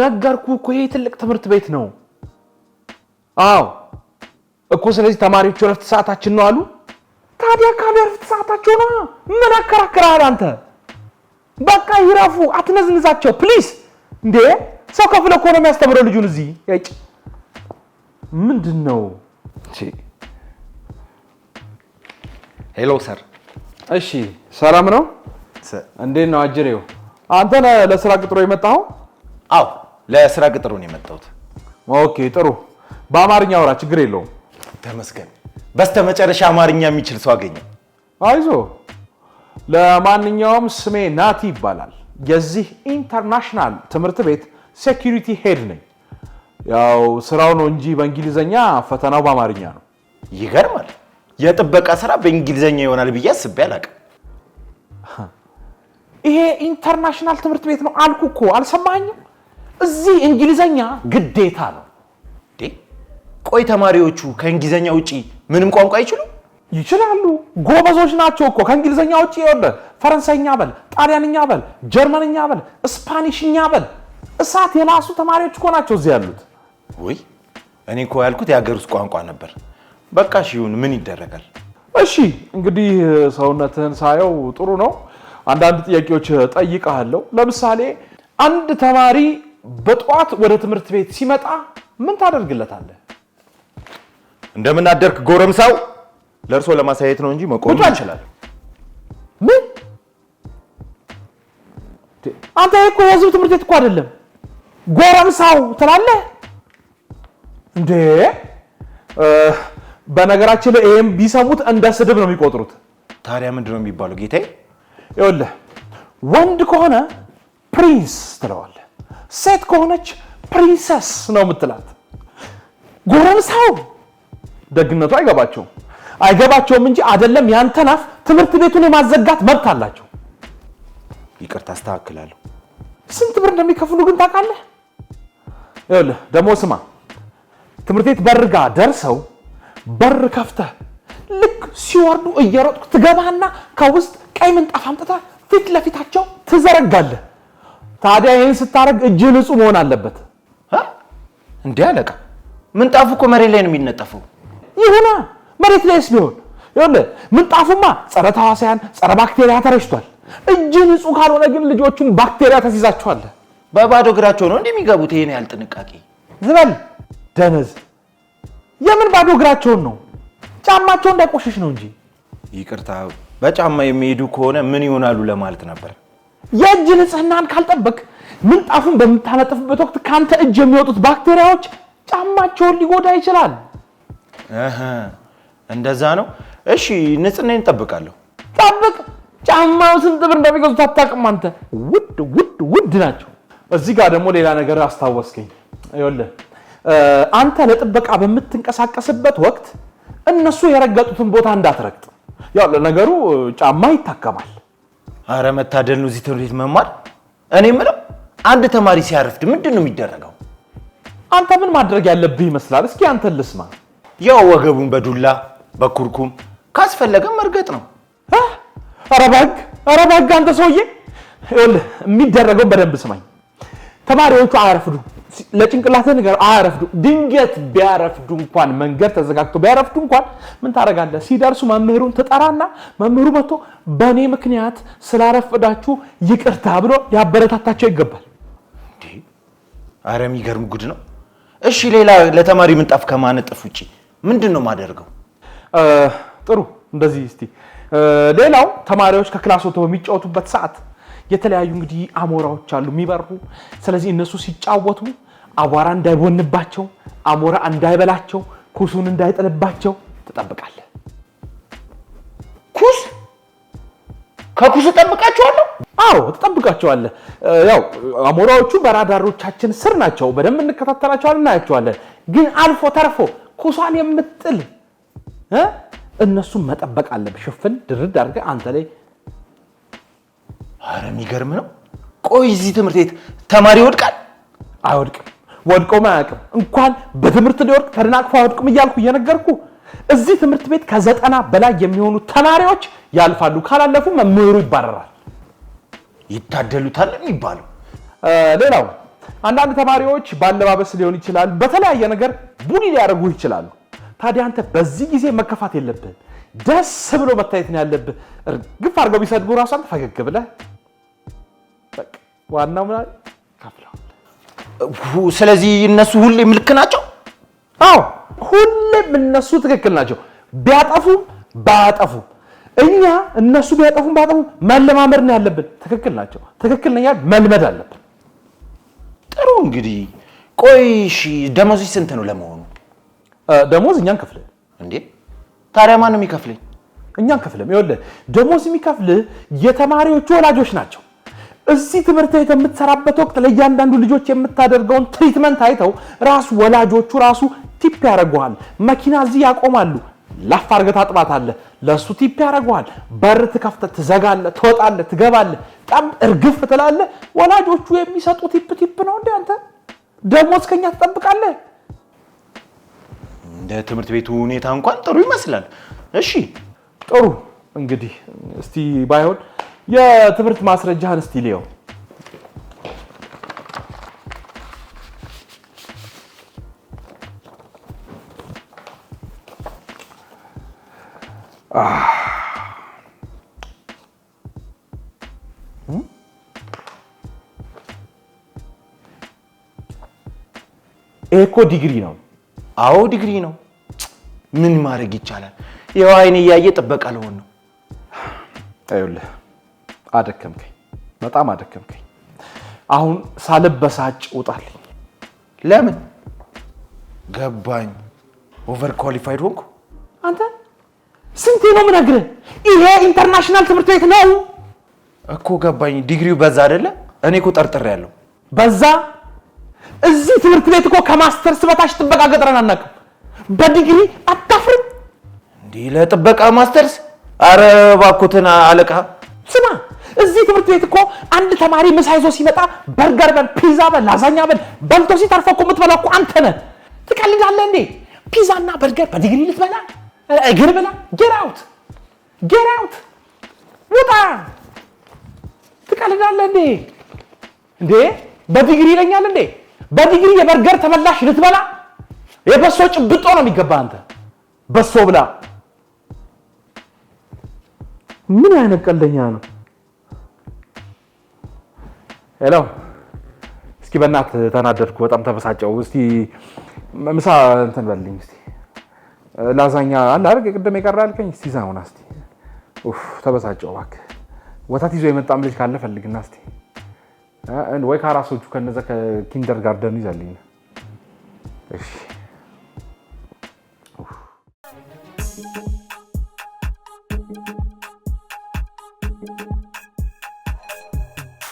ነገርኩ እኮ ይሄ ትልቅ ትምህርት ቤት ነው። አዎ እኮ ስለዚህ ተማሪዎቹ እረፍት ሰዓታችን ነው አሉ። ታዲያ ካሉ እረፍት ሰዓታቸው ነው። ምን አከራክራል አንተ? በቃ ይረፉ፣ አትነዝንዛቸው ፕሊስ። እንዴ ሰው ከፍለ እኮ ነው የሚያስተምረው ልጁን። እዚህ ምንድን ነው ሄሎ ሰር። እሺ ሰላም ነው? እንዴት ነው አጅሬው? አንተ ለስራ ቅጥሮ የመጣኸው? አዎ ለስራ ቅጥሮ ነው የመጣሁት። ኦኬ ጥሩ። በአማርኛ አውራ፣ ችግር የለውም። ተመስገን። በስተመጨረሻ አማርኛ የሚችል ሰው አገኘ። አይዞ። ለማንኛውም ስሜ ናቲ ይባላል። የዚህ ኢንተርናሽናል ትምህርት ቤት ሴኩሪቲ ሄድ ነኝ። ያው ስራው ነው እንጂ በእንግሊዘኛ፣ ፈተናው በአማርኛ ነው። ይገርማል። የጥበቃ ስራ በእንግሊዘኛ ይሆናል ብዬ አስቤ አላውቅም። ይሄ ኢንተርናሽናል ትምህርት ቤት ነው አልኩ እኮ አልሰማኝም። እዚህ እንግሊዘኛ ግዴታ ነው። ቆይ ተማሪዎቹ ከእንግሊዘኛ ውጪ ምንም ቋንቋ አይችሉ? ይችላሉ። ጎበዞች ናቸው እኮ ከእንግሊዘኛ ውጪ የሆነ ፈረንሳይኛ በል፣ ጣሊያንኛ በል፣ ጀርመንኛ በል፣ ስፓኒሽኛ በል እሳት የላሱ ተማሪዎች እኮ ናቸው እዚህ ያሉት። ወይ እኔ እኮ ያልኩት የሀገር ውስጥ ቋንቋ ነበር። በቃሽ ይሁን፣ ምን ይደረጋል? እሺ እንግዲህ ሰውነትህን ሳየው ጥሩ ነው። አንዳንድ ጥያቄዎች ጠይቀሃለሁ። ለምሳሌ አንድ ተማሪ በጠዋት ወደ ትምህርት ቤት ሲመጣ ምን ታደርግለታለህ? እንደምናደርክ ጎረምሳው ለእርሶ ለማሳየት ነው እንጂ መቆም ይችላል። ምን አንተ እኮ የህዝብ ትምህርት ቤት እኮ አይደለም ጎረምሳው ትላለህ እንዴ? በነገራችን ላይ ይሄም ቢሰሙት እንደ ስድብ ነው የሚቆጥሩት። ታዲያ ምንድን ነው የሚባለው? ጌታዬ ይኸውልህ፣ ወንድ ከሆነ ፕሪንስ ትለዋለህ፣ ሴት ከሆነች ፕሪንሰስ ነው የምትላት። ጎረምሳው ደግነቱ አይገባቸውም አይገባቸውም እንጂ አይደለም ያንተን አፍ ትምህርት ቤቱን የማዘጋት መብት አላቸው። ይቅርታ አስተካክላለሁ። ስንት ብር እንደሚከፍሉ ግን ታውቃለህ? ይኸውልህ ደግሞ ስማ፣ ትምህርት ቤት በርጋ ደርሰው በር ከፍተህ ልክ ሲወርዱ እየሮጥኩ ትገባና ከውስጥ ቀይ ምንጣፍ አምጥተህ ፊት ለፊታቸው ትዘረጋለህ። ታዲያ ይህን ስታደርግ እጅ ንጹህ መሆን አለበት። እንዲህ አለቃ፣ ምንጣፉ እኮ መሬት ላይ ነው የሚነጠፈው። ይሁና መሬት ላይስ ቢሆን ይኸውልህ፣ ምንጣፉማ ጸረ ተዋሳያን፣ ጸረ ባክቴሪያ ተረጭቷል። እጅ ንጹህ ካልሆነ ግን ልጆቹን ባክቴሪያ ተስይዛቸዋለህ። በባዶ እግራቸው ነው እንደሚገቡት። ይሄን ያህል ጥንቃቄ ዝም ደነዝ። የምን ባዶ እግራቸውን ነው? ጫማቸው እንዳይቆሽሽ ነው እንጂ። ይቅርታ፣ በጫማ የሚሄዱ ከሆነ ምን ይሆናሉ ለማለት ነበር። የእጅ ንጽህናን ካልጠበቅ ምንጣፉን በምታነጥፍበት ወቅት ከአንተ እጅ የሚወጡት ባክቴሪያዎች ጫማቸውን ሊጎዳ ይችላል። እንደዛ ነው። እሺ፣ ንጽህናን እጠብቃለሁ። ጠብቅ። ጫማው ስንት ብር እንደሚገዙት አታውቅም አንተ። ውድ ውድ ውድ ናቸው። እዚህ ጋር ደግሞ ሌላ ነገር አስታወስከኝ። ይኸውልህ አንተ ለጥበቃ በምትንቀሳቀስበት ወቅት እነሱ የረገጡትን ቦታ እንዳትረግጥ። ያው ለነገሩ ጫማ ይታከማል። አረ መታደል ነው እዚህ ትምህርት ቤት መማር። እኔ የምለው አንድ ተማሪ ሲያረፍድ ምንድን ነው የሚደረገው? አንተ ምን ማድረግ ያለብህ ይመስላል? እስኪ አንተን ልስማ። ያው ወገቡን በዱላ በኩርኩም ካስፈለገም መርገጥ ነው። አረ እባክህ፣ አረ እባክህ አንተ ሰውዬ፣ ይኸውልህ የሚደረገውን በደንብ ስማኝ። ተማሪዎቹ አያረፍዱ ለጭንቅላት ነገር አያረፍዱ። ድንገት ቢያረፍዱ እንኳን መንገድ ተዘጋግቶ ቢያረፍዱ እንኳን ምን ታደርጋለህ? ሲደርሱ መምህሩን ትጠራና መምህሩ መጥቶ በእኔ ምክንያት ስላረፍዳችሁ ይቅርታ ብሎ ሊያበረታታቸው ይገባል። ኧረ የሚገርም ጉድ ነው። እሺ ሌላ ለተማሪ ምንጣፍ ከማነጥፍ ውጭ ምንድን ነው የማደርገው? ጥሩ እንደዚህ እስቲ ሌላው ተማሪዎች ከክላስ በሚጫወቱበት ሰዓት የተለያዩ እንግዲህ አሞራዎች አሉ የሚበሩ። ስለዚህ እነሱ ሲጫወቱ አቧራ እንዳይቦንባቸው፣ አሞራ እንዳይበላቸው፣ ኩሱን እንዳይጥልባቸው ትጠብቃለህ። ኩስ ከኩስ እጠብቃቸዋለሁ። አዎ ትጠብቃቸዋለህ። ያው አሞራዎቹ በራዳሮቻችን ስር ናቸው። በደንብ እንከታተላቸዋለን፣ እናያቸዋለን። ግን አልፎ ተርፎ ኩሷን የምጥል እነሱን መጠበቅ አለብህ። ሽፍን ድርድ አድርገህ አንተ ላይ አረ የሚገርም ነው። ቆይ እዚህ ትምህርት ቤት ተማሪ ይወድቃል አይወድቅም? ወድቆም አያውቅም። እንኳን በትምህርት ሊወድቅ ተደናቅፎ አይወድቅም እያልኩ እየነገርኩ እዚህ ትምህርት ቤት ከዘጠና በላይ የሚሆኑ ተማሪዎች ያልፋሉ። ካላለፉ መምህሩ ይባረራል። ይታደሉታል የሚባሉ ሌላው አንዳንድ ተማሪዎች በአለባበስ ሊሆን ይችላል፣ በተለያየ ነገር ቡኒ ሊያደርጉ ይችላሉ። ታዲያ አንተ በዚህ ጊዜ መከፋት የለብህ፣ ደስ ብሎ መታየት ነው ያለብህ። ግፍ አድርገው ቢሰድቡ ራሷን ፈገግ ብለህ ዋናው ምና ከፍለዋል። ስለዚህ እነሱ ሁሌም ልክ ናቸው። አዎ ሁሌም እነሱ ትክክል ናቸው። ቢያጠፉም ባያጠፉም እኛ እነሱ ቢያጠፉም ባጠፉ መለማመድ ነው ያለብን። ትክክል ናቸው፣ ትክክል ነኛ መልመድ አለብን። ጥሩ እንግዲህ ቆይ እሺ፣ ደሞዝ ስንት ነው ለመሆኑ? ደሞዝ እኛን ከፍለ እንዴ? ታዲያ ማን ነው የሚከፍለኝ? እኛን ከፍለም። ይኸውልህ ደሞዝ የሚከፍልህ የተማሪዎቹ ወላጆች ናቸው። እዚህ ትምህርት ቤት የምትሰራበት ወቅት ለእያንዳንዱ ልጆች የምታደርገውን ትሪትመንት አይተው ራሱ ወላጆቹ ራሱ ቲፕ ያደርገዋል። መኪና እዚህ ያቆማሉ፣ ላፍ አድርገህ ታጥባታለህ፣ ለእሱ ቲፕ ያደርገዋል። በር ትከፍተህ ትዘጋለህ፣ ትወጣለህ፣ ትገባለህ፣ በጣም እርግፍ ትላለህ። ወላጆቹ የሚሰጡ ቲፕ ቲፕ ነው። እንደ አንተ ደግሞ እስከኛ ትጠብቃለህ። እንደ ትምህርት ቤቱ ሁኔታ እንኳን ጥሩ ይመስላል። እሺ ጥሩ እንግዲህ እስቲ ባይሆን የትምህርት ማስረጃህን እስቲ ልየው። ይሄ እኮ ዲግሪ ነው። አዎ ዲግሪ ነው። ምን ማድረግ ይቻላል? የዋይን እያየ ጥበቃ ልሆን ነው። አደከምከኝ፣ በጣም አደከምከኝ። አሁን ሳልበሳጭ ውጣልኝ። ለምን ገባኝ? ኦቨር ኳሊፋይድ ሆንኩ። አንተ ስንቴ ነው የምነግርህ? ይሄ ኢንተርናሽናል ትምህርት ቤት ነው እኮ ገባኝ። ዲግሪው በዛ አይደለ? እኔ እኮ ያለው በዛ እዚህ ትምህርት ቤት እኮ ከማስተርስ በታች ጥበቃ ገጥረን አናውቅም። በዲግሪ አታፍርም? እንዲህ ለጥበቃ ማስተርስ? አረ እባክዎትን አለቃ ስማ እዚህ ትምህርት ቤት እኮ አንድ ተማሪ ምሳ ይዞ ሲመጣ በርገር በል፣ ፒዛ በል፣ ላዛኛ በል በልቶ ሲተርፈ እኮ የምትበላው እኮ አንተ ነህ። ትቀልዳለህ እንዴ? ፒዛና በርገር በዲግሪ ልትበላ እግር ብላ። ጌራውት ጌራውት ውጣ። ትቀልዳለህ እንዴ? እንዴ በዲግሪ ይለኛል እንዴ? በዲግሪ የበርገር ተመላሽ ልትበላ የበሶ ጭብጦ ነው የሚገባ። አንተ በሶ ብላ። ምን አይነት ቀልደኛ ነው? ለው እስኪ በእናት ተናደድኩ፣ በጣም ተበሳጨው። እስቲ ምሳ እንትን በልኝ እስቲ ላዛኛ አለ አይደል ቅድም የቀረ አልከኝ። እስቲ ዛውና እስቲ ተበሳጨው። እባክህ ወተት ይዞ የመጣም ልጅ ካለ ፈልግና እስቲ ወይ ከአራሶቹ ከነዛ ከኪንደር ጋርደኑ ይዘልኝ። እሺ